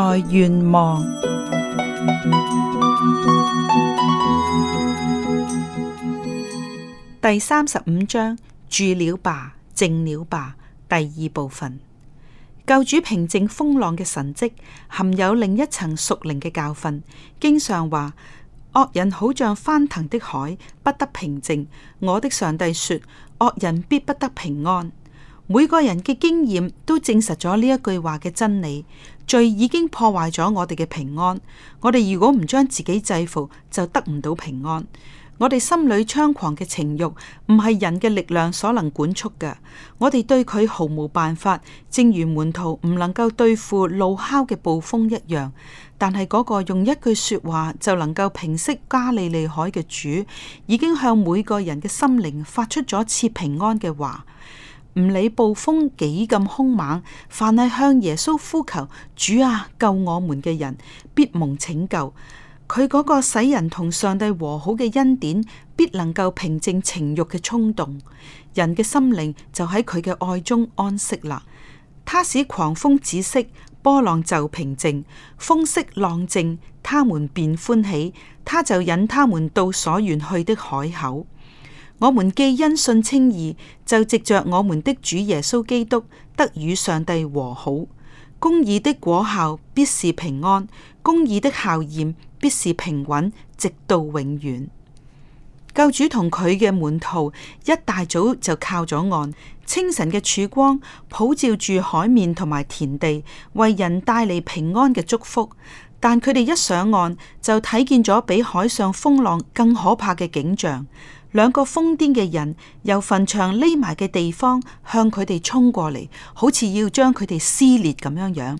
在願望第三十五章住了吧，靜了吧。第二部分，救主平靜風浪嘅神迹，含有另一層屬靈嘅教訓。經上話：惡人好像翻騰的海，不得平靜。我的上帝說：惡人必不得平安。每個人嘅經驗都證實咗呢一句話嘅真理。罪已經破壞咗我哋嘅平安。我哋如果唔將自己制服，就得唔到平安。我哋心裏猖狂嘅情欲，唔係人嘅力量所能管束嘅。我哋對佢毫無辦法，正如門徒唔能夠對付怒哮嘅暴風一樣。但係嗰個用一句說話就能夠平息加利利海嘅主，已經向每個人嘅心靈發出咗賜平安嘅話。唔理暴風幾咁凶猛，凡係向耶穌呼求主啊救我們嘅人，必蒙拯救。佢嗰個使人同上帝和好嘅恩典，必能夠平靜情欲嘅衝動。人嘅心靈就喺佢嘅愛中安息啦。他使狂風止息，波浪就平靜，風息浪靜，他們便歡喜，他就引他們到所願去的海口。我們既因信稱義，就藉着我們的主耶穌基督得與上帝和好。公義的果效必是平安，公義的效驗必是平穩，直到永遠。救主同佢嘅門徒一大早就靠咗岸，清晨嘅曙光普照住海面同埋田地，為人帶嚟平安嘅祝福。但佢哋一上岸，就睇見咗比海上風浪更可怕嘅景象。兩個瘋癲嘅人由墳場匿埋嘅地方向佢哋衝過嚟，好似要將佢哋撕裂咁樣樣。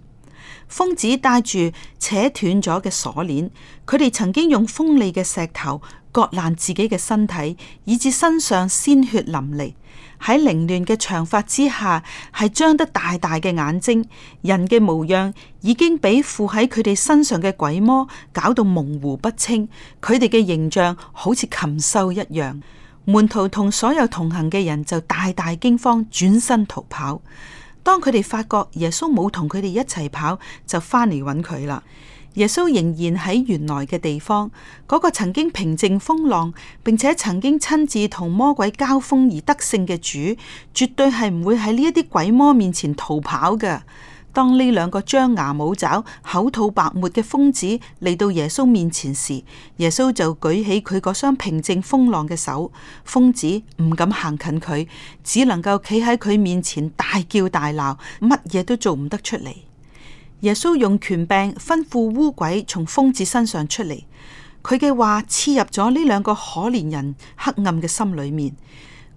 瘋子帶住扯斷咗嘅鎖鏈，佢哋曾經用鋒利嘅石頭割爛自己嘅身體，以致身上鮮血淋漓。喺凌亂嘅長髮之下，係張得大大嘅眼睛，人嘅模樣已經俾附喺佢哋身上嘅鬼魔搞到模糊不清。佢哋嘅形象好似禽獸一樣，門徒同所有同行嘅人就大大驚慌，轉身逃跑。當佢哋發覺耶穌冇同佢哋一齊跑，就翻嚟揾佢啦。耶穌仍然喺原來嘅地方，嗰個曾經平靜風浪，並且曾經親自同魔鬼交鋒而得勝嘅主，絕對係唔會喺呢一啲鬼魔面前逃跑嘅。當呢兩個張牙舞爪、口吐白沫嘅瘋子嚟到耶穌面前時，耶穌就舉起佢嗰雙平靜風浪嘅手，瘋子唔敢行近佢，只能夠企喺佢面前大叫大鬧，乜嘢都做唔得出嚟。耶穌用權柄吩咐污鬼從瘋子身上出嚟，佢嘅話刺入咗呢兩個可憐人黑暗嘅心裏面，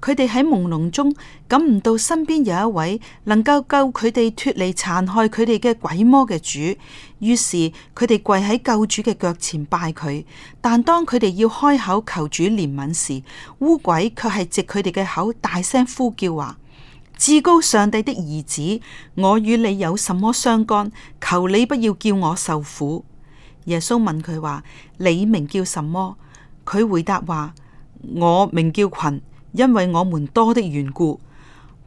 佢哋喺朦朧中感唔到身邊有一位能夠救佢哋脫離殘害佢哋嘅鬼魔嘅主，於是佢哋跪喺救主嘅腳前拜佢，但當佢哋要開口求主憐憫時，污鬼卻係藉佢哋嘅口大聲呼叫話：至高上帝的兒子，我與你有什麼相干？求你不要叫我受苦。耶穌問佢話：你名叫什麼？佢回答話：我名叫群，因為我們多的緣故。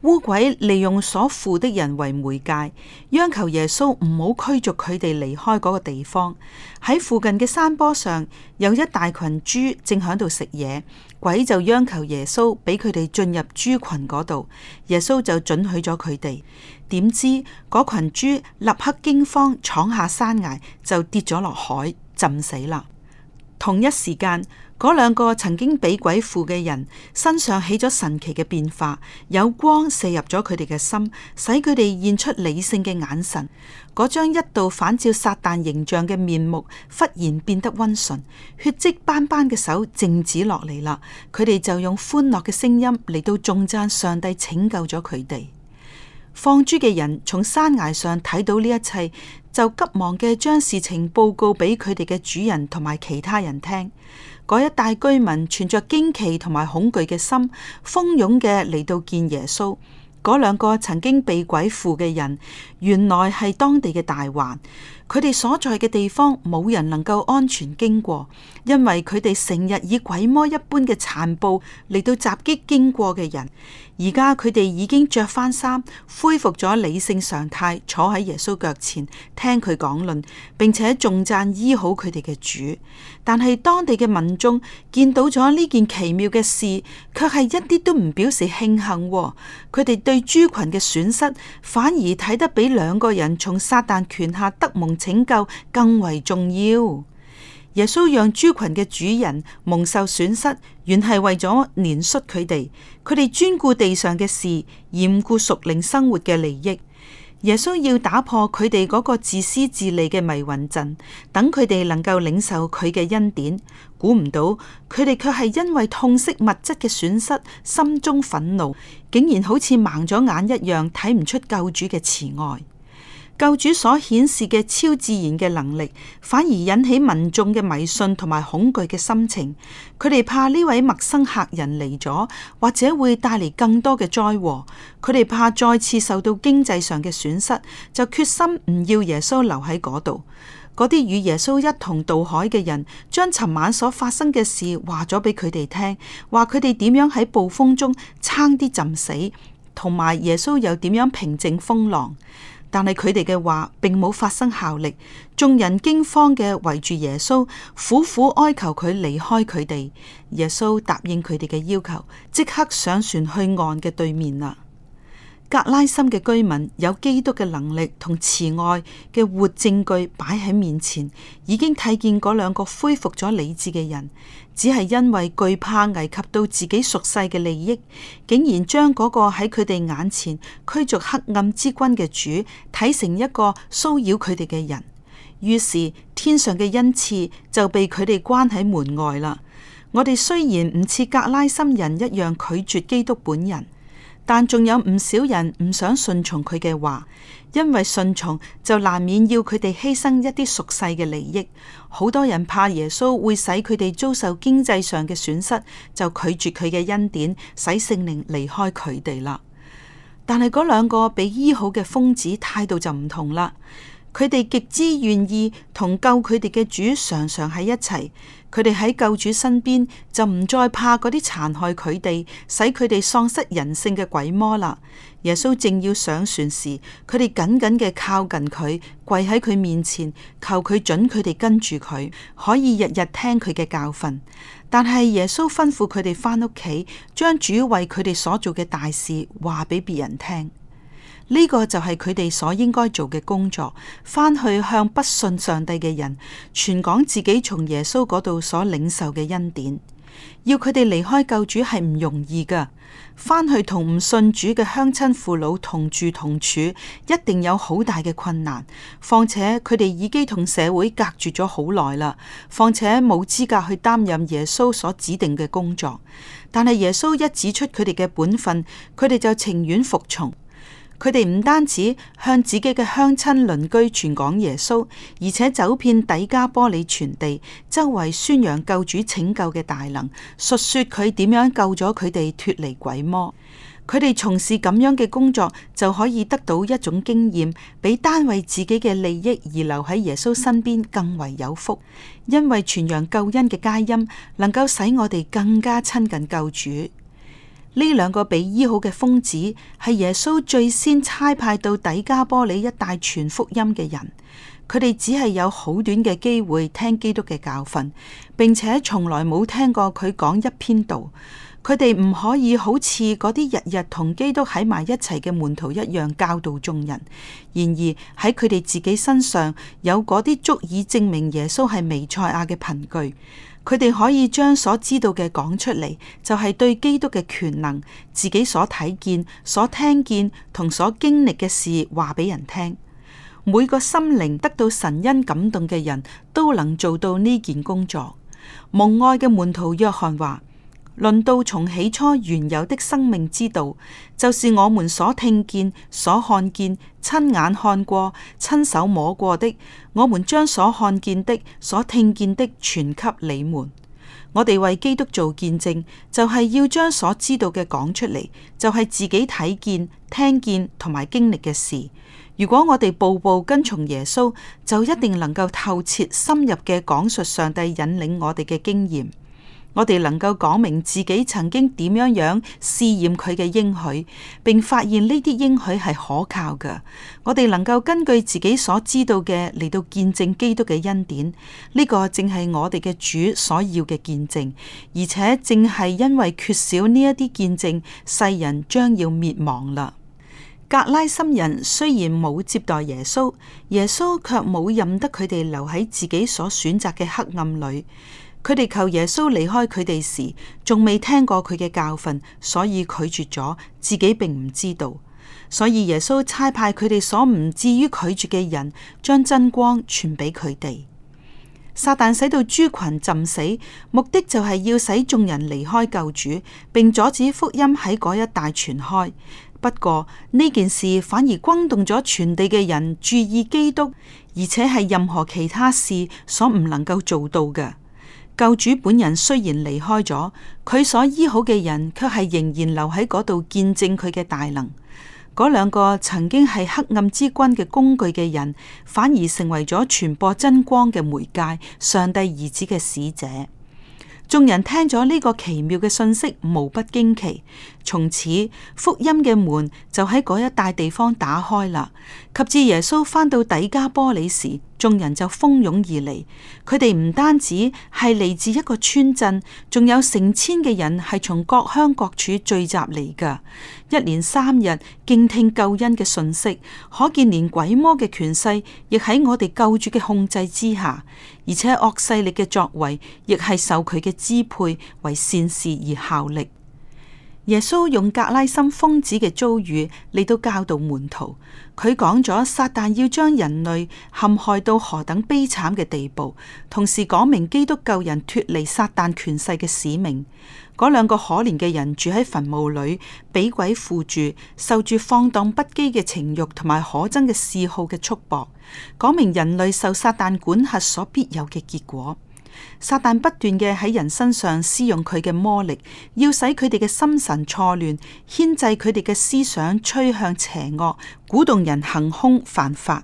烏鬼利用所附的人為媒介，央求耶穌唔好驅逐佢哋離開嗰個地方。喺附近嘅山坡上，有一大群豬正喺度食嘢。鬼就央求耶穌俾佢哋進入豬群嗰度，耶穌就准許咗佢哋。點知嗰群豬立刻驚慌，闖下山崖就跌咗落海，浸死啦。同一時間。嗰兩個曾經俾鬼附嘅人身上起咗神奇嘅變化，有光射入咗佢哋嘅心，使佢哋現出理性嘅眼神。嗰張一度反照撒旦形象嘅面目忽然變得溫順，血跡斑斑嘅手靜止落嚟啦。佢哋就用歡樂嘅聲音嚟到頌讚上帝拯救咗佢哋。放豬嘅人從山崖上睇到呢一切，就急忙嘅將事情報告俾佢哋嘅主人同埋其他人聽。嗰一帶居民存着驚奇同埋恐懼嘅心，蜂擁嘅嚟到見耶穌。嗰兩個曾經被鬼附嘅人，原來係當地嘅大患。佢哋所在嘅地方冇人能夠安全經過，因為佢哋成日以鬼魔一般嘅殘暴嚟到襲擊經過嘅人。而家佢哋已經着返衫，恢復咗理性常態，坐喺耶穌腳前聽佢講論，並且重讚醫好佢哋嘅主。但係當地嘅民眾見到咗呢件奇妙嘅事，卻係一啲都唔表示慶幸哦。佢哋對豬群嘅損失反而睇得比兩個人從撒旦權下得蒙拯救更為重要。耶穌讓豬群嘅主人蒙受損失，原係為咗憐恤佢哋。佢哋專顧地上嘅事，嫌顧屬靈生活嘅利益。耶穌要打破佢哋嗰個自私自利嘅迷魂陣，等佢哋能夠領受佢嘅恩典。估唔到佢哋卻係因為痛惜物質嘅損失，心中憤怒，竟然好似盲咗眼一樣，睇唔出救主嘅慈愛。救主所顯示嘅超自然嘅能力，反而引起民眾嘅迷信同埋恐懼嘅心情。佢哋怕呢位陌生客人嚟咗，或者會帶嚟更多嘅災禍。佢哋怕再次受到經濟上嘅損失，就決心唔要耶穌留喺嗰度。嗰啲與耶穌一同渡海嘅人，將尋晚所發生嘅事話咗俾佢哋聽，話佢哋點樣喺暴風中差啲浸死，同埋耶穌又點樣平靜風浪。但係佢哋嘅話並冇發生效力，眾人驚慌嘅圍住耶穌，苦苦哀求佢離開佢哋。耶穌答應佢哋嘅要求，即刻上船去岸嘅對面啦。格拉森嘅居民有基督嘅能力同慈愛嘅活證據擺喺面前，已經睇見嗰兩個恢復咗理智嘅人，只係因為懼怕危及到自己熟悉嘅利益，竟然將嗰個喺佢哋眼前驅逐黑暗之君嘅主睇成一個騷擾佢哋嘅人，於是天上嘅恩賜就被佢哋關喺門外啦。我哋雖然唔似格拉森人一樣拒絕基督本人。但仲有唔少人唔想順從佢嘅話，因為順從就難免要佢哋犧牲一啲俗世嘅利益。好多人怕耶穌會使佢哋遭受經濟上嘅損失，就拒絕佢嘅恩典，使聖靈離開佢哋啦。但係嗰兩個被醫好嘅瘋子態度就唔同啦，佢哋極之願意同救佢哋嘅主常常喺一齊。佢哋喺救主身邊就唔再怕嗰啲殘害佢哋、使佢哋喪失人性嘅鬼魔啦。耶穌正要上船時，佢哋緊緊嘅靠近佢，跪喺佢面前求佢准佢哋跟住佢，可以日日聽佢嘅教訓。但係耶穌吩咐佢哋翻屋企，將主為佢哋所做嘅大事話俾別人聽。呢個就係佢哋所應該做嘅工作，返去向不信上帝嘅人，傳講自己從耶穌嗰度所領受嘅恩典，要佢哋離開救主係唔容易噶。返去同唔信主嘅鄉親父老同住同處，一定有好大嘅困難。況且佢哋已經同社會隔絕咗好耐啦，況且冇資格去擔任耶穌所指定嘅工作。但係耶穌一指出佢哋嘅本分，佢哋就情願服從。佢哋唔單止向自己嘅鄉親鄰居傳講耶穌，而且走遍底加波里全地，周圍宣揚救主拯救嘅大能，述說佢點樣救咗佢哋脫離鬼魔。佢哋從事咁樣嘅工作，就可以得到一種經驗，比單為自己嘅利益而留喺耶穌身邊更為有福，因為傳揚救恩嘅佳音，能夠使我哋更加親近救主。呢兩個被醫好嘅瘋子係耶穌最先差派到底加波利一帶傳福音嘅人，佢哋只係有好短嘅機會聽基督嘅教訓，並且從來冇聽過佢講一篇道，佢哋唔可以好似嗰啲日日同基督喺埋一齊嘅門徒一樣教導眾人。然而喺佢哋自己身上有嗰啲足以證明耶穌係彌賽亞嘅憑據。佢哋可以將所知道嘅講出嚟，就係對基督嘅權能，自己所睇見、所聽見同所經歷嘅事話俾人聽。每個心靈得到神恩感動嘅人都能做到呢件工作。蒙愛嘅門徒約翰話。論到從起初原有的生命之道，就是我們所聽見、所看見、親眼看過、親手摸過的。我們將所看見的、所聽見的，傳給你們。我哋為基督做見證，就係要將所知道嘅講出嚟，就係自己睇見、聽見同埋經歷嘅事。如果我哋步步跟從耶穌，就一定能夠透徹深入嘅講述上帝引領我哋嘅經驗。我哋能夠講明自己曾經點樣樣試驗佢嘅應許，並發現呢啲應許係可靠㗎。我哋能夠根據自己所知道嘅嚟，到見證基督嘅恩典，呢、這個正係我哋嘅主所要嘅見證。而且正係因為缺少呢一啲見證，世人將要滅亡啦。格拉森人雖然冇接待耶穌，耶穌卻冇任得佢哋留喺自己所選擇嘅黑暗裏。佢哋求耶穌離開佢哋時，仲未聽過佢嘅教訓，所以拒絕咗，自己並唔知道。所以耶穌差派佢哋所唔至於拒絕嘅人，將真光傳俾佢哋。撒旦使到豬群浸死，目的就係要使眾人離開救主，並阻止福音喺嗰一帶傳開。不過呢件事反而轟動咗全地嘅人，注意基督，而且係任何其他事所唔能夠做到嘅。救主本人雖然離開咗，佢所醫好嘅人，卻係仍然留喺嗰度見證佢嘅大能。嗰兩個曾經係黑暗之君嘅工具嘅人，反而成為咗傳播真光嘅媒介，上帝兒子嘅使者。眾人聽咗呢個奇妙嘅訊息，無不驚奇。從此福音嘅門就喺嗰一帶地方打開啦。及至耶穌返到底加波里時，眾人就蜂擁而嚟。佢哋唔單止係嚟自一個村鎮，仲有成千嘅人係從各鄉各處聚集嚟㗎。一連三日敬聽救恩嘅訊息，可見連鬼魔嘅權勢亦喺我哋救主嘅控制之下，而且惡勢力嘅作為亦係受佢嘅支配，為善事而效力。耶穌用格拉森瘋子嘅遭遇嚟到教導門徒，佢講咗撒但要將人類陷害到何等悲慘嘅地步，同時講明基督救人脱離撒但權勢嘅使命。嗰兩個可憐嘅人住喺墳墓裏，俾鬼附住，受住放蕩不羈嘅情欲同埋可憎嘅嗜好嘅束縛，講明人類受撒但管轄所必有嘅結果。撒旦不斷嘅喺人身上施用佢嘅魔力，要使佢哋嘅心神錯亂，牽制佢哋嘅思想，吹向邪惡，鼓動人行凶犯法。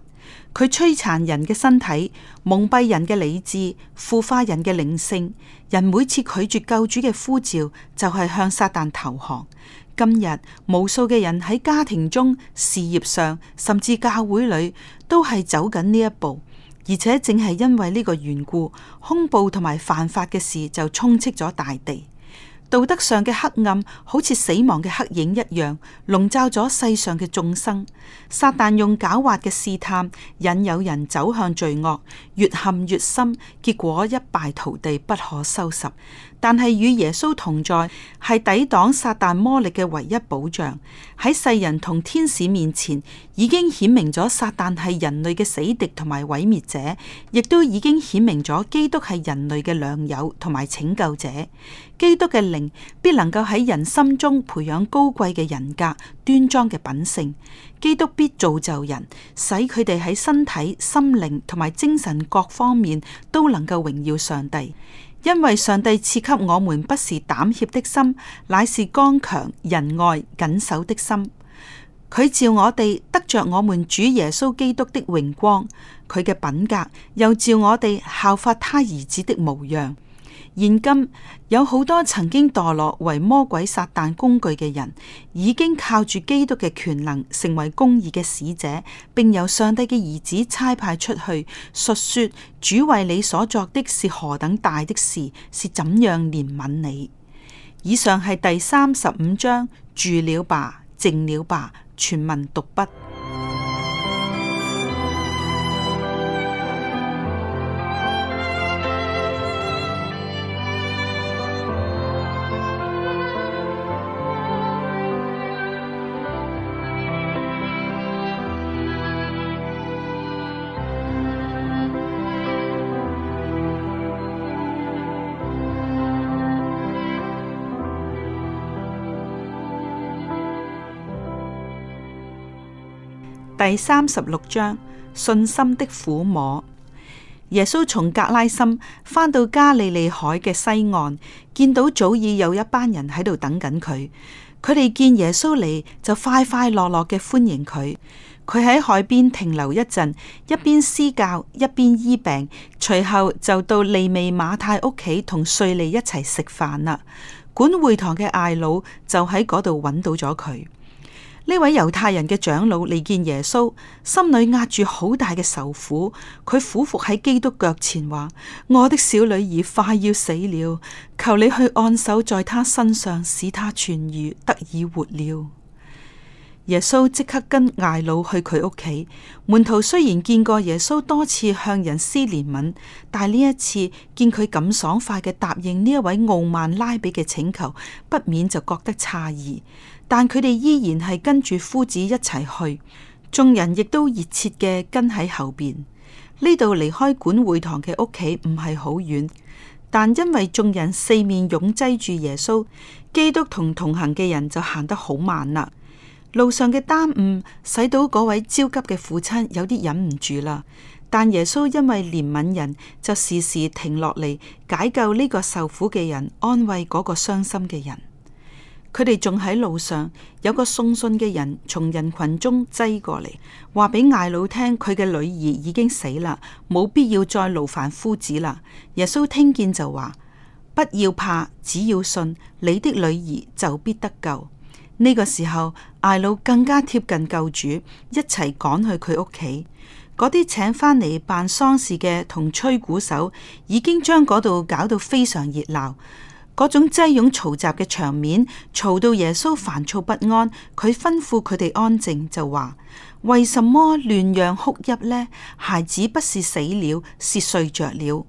佢摧殘人嘅身體，蒙蔽人嘅理智，腐化人嘅靈性。人每次拒絕救主嘅呼召，就係向撒旦投降。今日無數嘅人喺家庭中、事業上，甚至教會裏，都係走緊呢一步。而且正係因為呢個緣故，恐怖同埋犯法嘅事就充斥咗大地，道德上嘅黑暗好似死亡嘅黑影一樣籠罩咗世上嘅眾生。撒旦用狡猾嘅試探引誘人走向罪惡，越陷越深，結果一敗塗地，不可收拾。但係與耶穌同在，係抵擋撒旦魔力嘅唯一保障。喺世人同天使面前，已經顯明咗撒旦係人類嘅死敵同埋毀滅者，亦都已經顯明咗基督係人類嘅良友同埋拯救者。基督嘅靈必能夠喺人心中培養高貴嘅人格、端莊嘅品性。基督必造就人，使佢哋喺身體、心靈同埋精神各方面都能夠榮耀上帝。因為上帝賜給我們不是膽怯的心，乃是剛強、仁愛、謹守的心。佢照我哋得着我們主耶穌基督的榮光，佢嘅品格又照我哋效法他兒子的模樣。現今有好多曾經墮落為魔鬼撒但工具嘅人，已經靠住基督嘅權能成為公義嘅使者，並由上帝嘅兒子差派出去述說主為你所作的是何等大的事，是怎樣憐憫你。以上係第三十五章，住了吧，靜了吧，全文讀畢。第三十六章，信心的撫摸。耶穌從格拉森返到加利利海嘅西岸，見到早已有一班人喺度等緊佢。佢哋見耶穌嚟，就快快樂樂嘅歡迎佢。佢喺海邊停留一陣，一邊施教，一邊醫病。隨後就到利未馬太屋企同稅吏一齊食飯啦。管會堂嘅艾魯就喺嗰度揾到咗佢。呢位猶太人嘅長老嚟見耶穌，心裏壓住好大嘅愁苦，佢俯伏喺基督腳前話：「我的小女兒快要死了，求你去按手在她身上，使她痊癒，得以活了。」耶穌即刻跟艾老去佢屋企。門徒雖然見過耶穌多次向人施憐憫，但呢一次見佢咁爽快嘅答應呢一位傲慢拉比嘅請求，不免就覺得詫異。但佢哋依然係跟住夫子一齊去，眾人亦都熱切嘅跟喺後邊。呢度離開管會堂嘅屋企唔係好遠，但因為眾人四面擁擠住耶穌基督同同行嘅人，就行得好慢啦。路上嘅耽誤，使到嗰位焦急嘅父親有啲忍唔住啦。但耶穌因為憐憫人，就時時停落嚟解救呢個受苦嘅人，安慰嗰個傷心嘅人。佢哋仲喺路上，有個送信嘅人從人群中擠過嚟，話俾艾魯聽佢嘅女兒已經死啦，冇必要再勞煩夫子啦。耶穌聽見就話：「不要怕，只要信，你的女兒就必得救。」呢、這個時候，艾魯更加貼近救主，一齊趕去佢屋企。嗰啲請返嚟辦喪事嘅同吹鼓手，已經將嗰度搞到非常熱鬧。嗰種擠擁嘈雜嘅場面，嘈到耶穌煩躁不安。佢吩咐佢哋安靜，就話：為什麼亂嚷哭泣呢？孩子不是死了，是睡着了。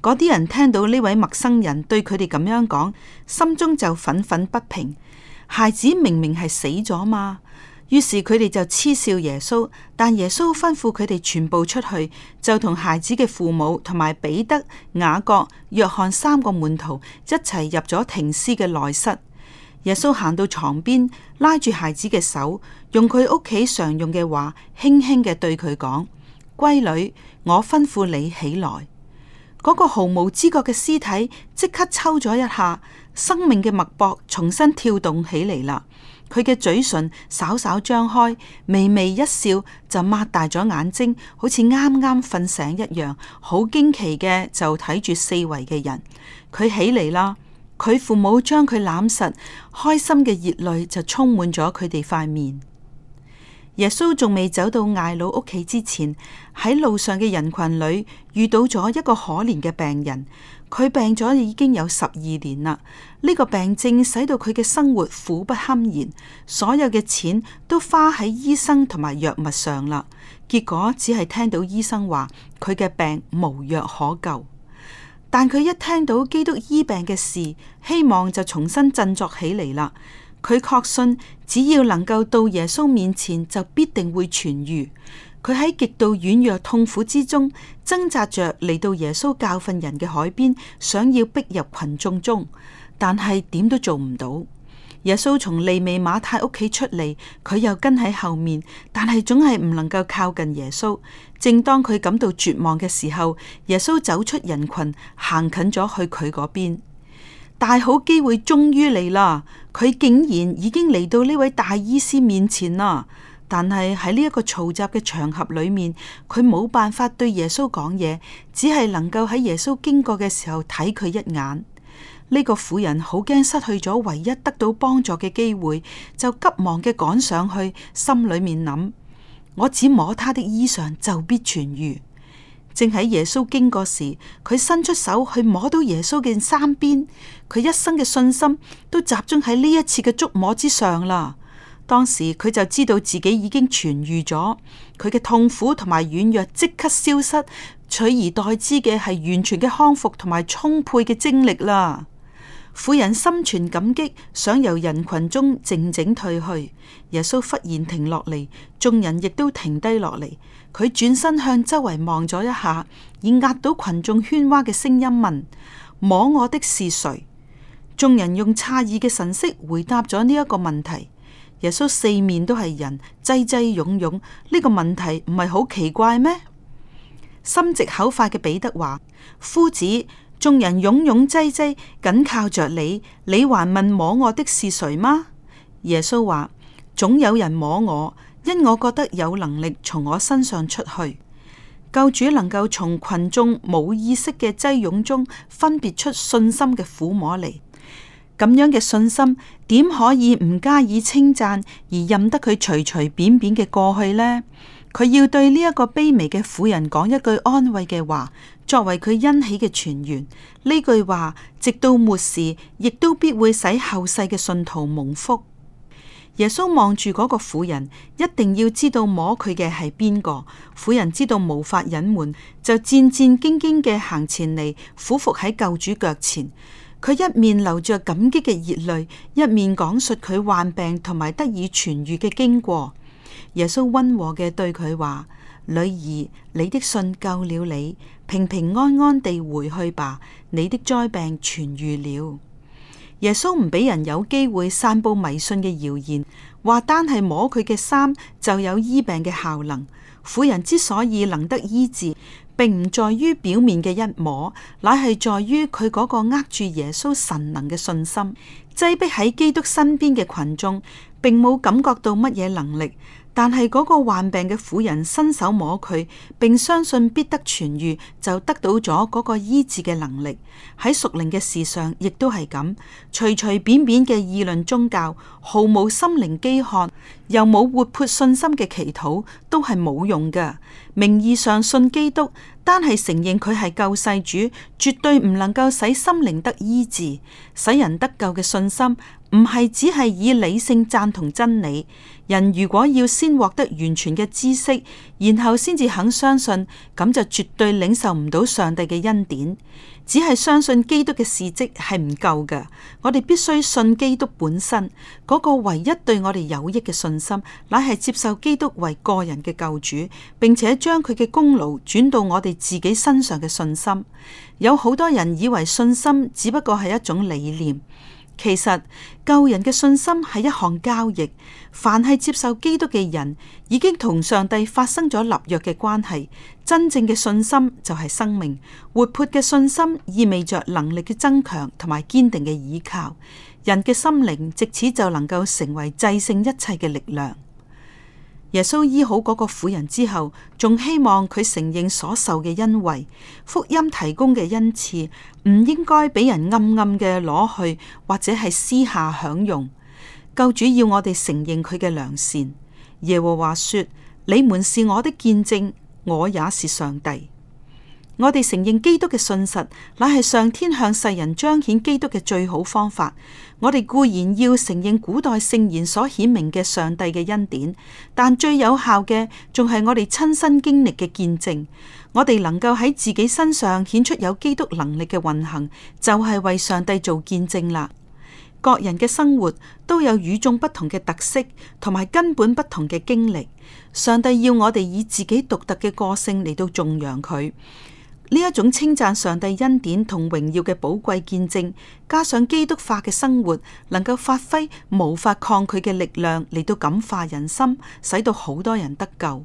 嗰啲人聽到呢位陌生人對佢哋咁樣講，心中就憤憤不平。孩子明明係死咗嘛。於是佢哋就嗤笑耶穌，但耶穌吩咐佢哋全部出去，就同孩子嘅父母同埋彼得、雅各、約翰三個門徒一齊入咗停屍嘅內室。耶穌行到床邊，拉住孩子嘅手，用佢屋企常用嘅話，輕輕嘅對佢講：「閨女，我吩咐你起來。嗰個毫無知覺嘅屍體即刻抽咗一下，生命嘅脈搏重新跳動起嚟啦。佢嘅嘴唇稍稍張開，微微一笑，就擘大咗眼睛，好似啱啱瞓醒一樣，好驚奇嘅就睇住四圍嘅人。佢起嚟啦，佢父母將佢攬實，開心嘅熱淚就充滿咗佢哋塊面。耶穌仲未走到艾老屋企之前，喺路上嘅人群裏遇到咗一個可憐嘅病人。佢病咗已經有十二年啦，呢個病症使到佢嘅生活苦不堪言，所有嘅錢都花喺醫生同埋藥物上啦。結果只係聽到醫生話佢嘅病無藥可救，但佢一聽到基督醫病嘅事，希望就重新振作起嚟啦。佢確信，只要能夠到耶穌面前，就必定會痊癒。佢喺極度軟弱痛苦之中掙扎着嚟到耶穌教訓人嘅海邊，想要逼入群眾中，但係點都做唔到。耶穌從利未馬太屋企出嚟，佢又跟喺後面，但係總係唔能夠靠近耶穌。正當佢感到絕望嘅時候，耶穌走出人群，行近咗去佢嗰邊。大好機會終於嚟啦！佢竟然已經嚟到呢位大醫師面前啦！但係喺呢一個嘈雜嘅場合裏面，佢冇辦法對耶穌講嘢，只係能夠喺耶穌經過嘅時候睇佢一眼。呢個婦人好驚失去咗唯一得到幫助嘅機會，就急忙嘅趕上去，心裏面諗：我只摸她的衣裳，就必痊愈。正喺耶穌經過時，佢伸出手去摸到耶穌嘅衫邊，佢一生嘅信心都集中喺呢一次嘅觸摸之上啦。當時佢就知道自己已經痊愈咗，佢嘅痛苦同埋軟弱即刻消失，取而代之嘅係完全嘅康復同埋充沛嘅精力啦。婦人心存感激，想由人群中靜靜退去。耶穌忽然停落嚟，眾人亦都停低落嚟。佢轉身向周圍望咗一下，以壓倒群眾喧嘩嘅聲音問，摸我的是誰？眾人用詫異嘅神色回答咗呢一個問題。耶穌四面都係人，擠擠擁擁，呢、這個問題唔係好奇怪咩？心直口快嘅彼得話：夫子，眾人擁擁擠擠，緊靠着你，你還問摸我的是誰嗎？耶穌話：總有人摸我。因我覺得有能力從我身上出去，救主能夠從群眾冇意識嘅擠擁中，分別出信心嘅撫摸嚟。咁樣嘅信心點可以唔加以稱讚而任得佢隨隨便便嘅過去呢？佢要對呢一個卑微嘅婦人講一句安慰嘅話，作為佢欣喜嘅傳員。呢句話直到末時，亦都必會使後世嘅信徒蒙福。耶穌望住嗰個婦人，一定要知道摸佢嘅係邊個。婦人知道無法隱瞞，就戰戰兢兢嘅行前嚟，俯伏喺救主腳前。佢一面流着感激嘅熱淚，一面講述佢患病同埋得以痊癒嘅經過。耶穌温和嘅對佢話：「女兒，你的信救了你，平平安安地回去吧，你的災病痊癒了。」耶穌唔俾人有機會散布迷信嘅謠言，話單係摸佢嘅衫，就有醫病嘅效能。婦人之所以能得醫治，並唔在於表面嘅一摸，乃係在於佢嗰個握住耶穌神能嘅信心。擠逼喺基督身邊嘅群眾，並冇感覺到乜嘢能力。但係嗰個患病嘅婦人伸手摸佢，並相信必得痊愈，就得到咗嗰個醫治嘅能力。喺屬靈嘅事上，亦都係咁，隨隨便便嘅議論宗教，毫無心靈飢渴，又冇活潑信心嘅祈禱，都係冇用㗎。名義上信基督，單係承認佢係救世主，絕對唔能夠使心靈得醫治，使人得救嘅信心。唔係只係以理性贊同真理。人如果要先獲得完全嘅知識，然後先至肯相信，咁就絕對領受唔到上帝嘅恩典。只係相信基督嘅事蹟係唔夠嘅。我哋必須信基督本身嗰個唯一對我哋有益嘅信心，乃係接受基督為個人嘅救主，並且將佢嘅功勞轉到我哋自己身上嘅信心。有好多人以為信心只不過係一種理念。其實救人嘅信心係一項交易，凡係接受基督嘅人，已經同上帝發生咗立約嘅關係。真正嘅信心就係生命活潑嘅信心，意味着能力嘅增強同埋堅定嘅倚靠。人嘅心靈，借此就能夠成為制勝一切嘅力量。耶穌醫好嗰個婦人之後，仲希望佢承認所受嘅恩惠，福音提供嘅恩賜唔應該俾人暗暗嘅攞去，或者係私下享用。救主要我哋承認佢嘅良善。耶和華說：「你們是我的見證，我也是上帝。」我哋承認基督嘅信實，乃係上天向世人彰顯基督嘅最好方法。我哋固然要承認古代聖言所顯明嘅上帝嘅恩典，但最有效嘅仲係我哋親身經歷嘅見證。我哋能夠喺自己身上顯出有基督能力嘅運行，就係、是、為上帝做見證啦。各人嘅生活都有與眾不同嘅特色，同埋根本不同嘅經歷。上帝要我哋以自己獨特嘅個性嚟到頌揚佢。呢一種稱讚上帝恩典同榮耀嘅寶貴見證，加上基督化嘅生活，能夠發揮無法抗拒嘅力量嚟到感化人心，使到好多人得救。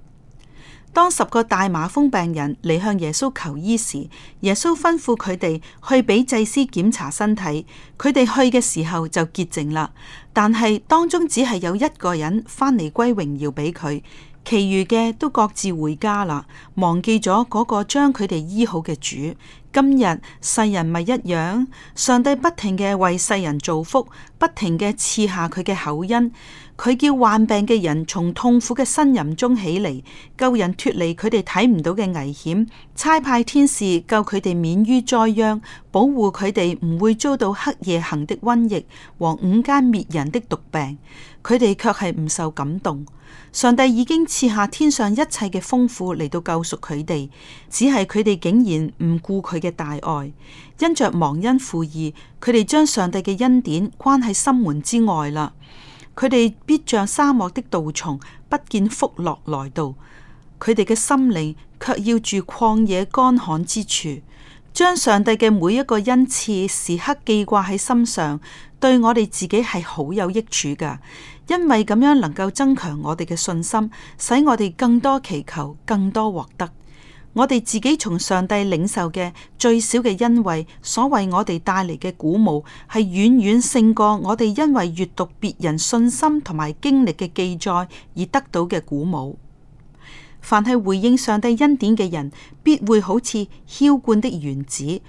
當十個大痲瘋病人嚟向耶穌求醫時，耶穌吩咐佢哋去俾祭司檢查身體。佢哋去嘅時候就潔淨啦，但係當中只係有一個人返嚟歸榮耀俾佢。其餘嘅都各自回家啦，忘記咗嗰個將佢哋醫好嘅主。今日世人咪一樣，上帝不停嘅為世人造福。不停嘅賜下佢嘅口恩，佢叫患病嘅人從痛苦嘅呻吟中起嚟，救人脫離佢哋睇唔到嘅危險，差派天使救佢哋免於災殃，保護佢哋唔會遭到黑夜行的瘟疫和午間滅人的毒病。佢哋卻係唔受感動，上帝已經賜下天上一切嘅豐富嚟到救贖佢哋，只係佢哋竟然唔顧佢嘅大愛，因着忘恩負義，佢哋將上帝嘅恩典關係心門之外啦，佢哋必像沙漠的杜松，不見福樂來到；佢哋嘅心靈卻要住曠野乾旱之處。將上帝嘅每一個恩賜時刻記掛喺心上，對我哋自己係好有益處㗎，因為咁樣能夠增強我哋嘅信心，使我哋更多祈求，更多獲得。我哋自己從上帝領受嘅最小嘅恩惠，所為我哋帶嚟嘅鼓舞，係遠遠勝過我哋因為閱讀別人信心同埋經歷嘅記載而得到嘅鼓舞。凡係回應上帝恩典嘅人，必會好似澆灌的園子，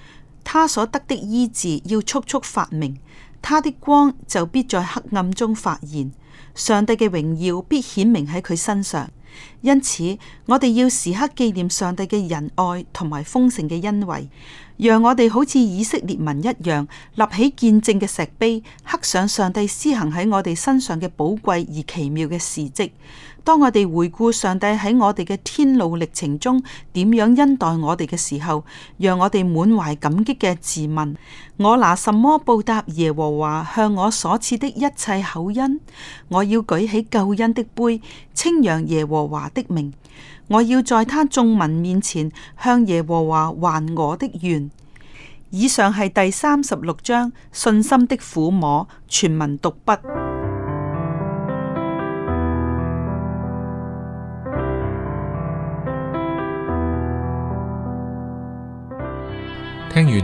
他所得的醫治要速速發明，他的光就必在黑暗中發現，上帝嘅榮耀必顯明喺佢身上。因此，我哋要時刻紀念上帝嘅仁愛同埋豐盛嘅恩惠，讓我哋好似以色列民一樣，立起見證嘅石碑，刻上上帝施行喺我哋身上嘅寶貴而奇妙嘅事蹟。當我哋回顧上帝喺我哋嘅天路歷程中點樣恩待我哋嘅時候，讓我哋滿懷感激嘅自問：我拿什麼報答耶和華向我所賜的一切厚恩？我要舉起救恩的杯，稱揚耶和華的名。我要在他眾民面前向耶和華還我的願。以上係第三十六章信心的撫摸全文讀畢。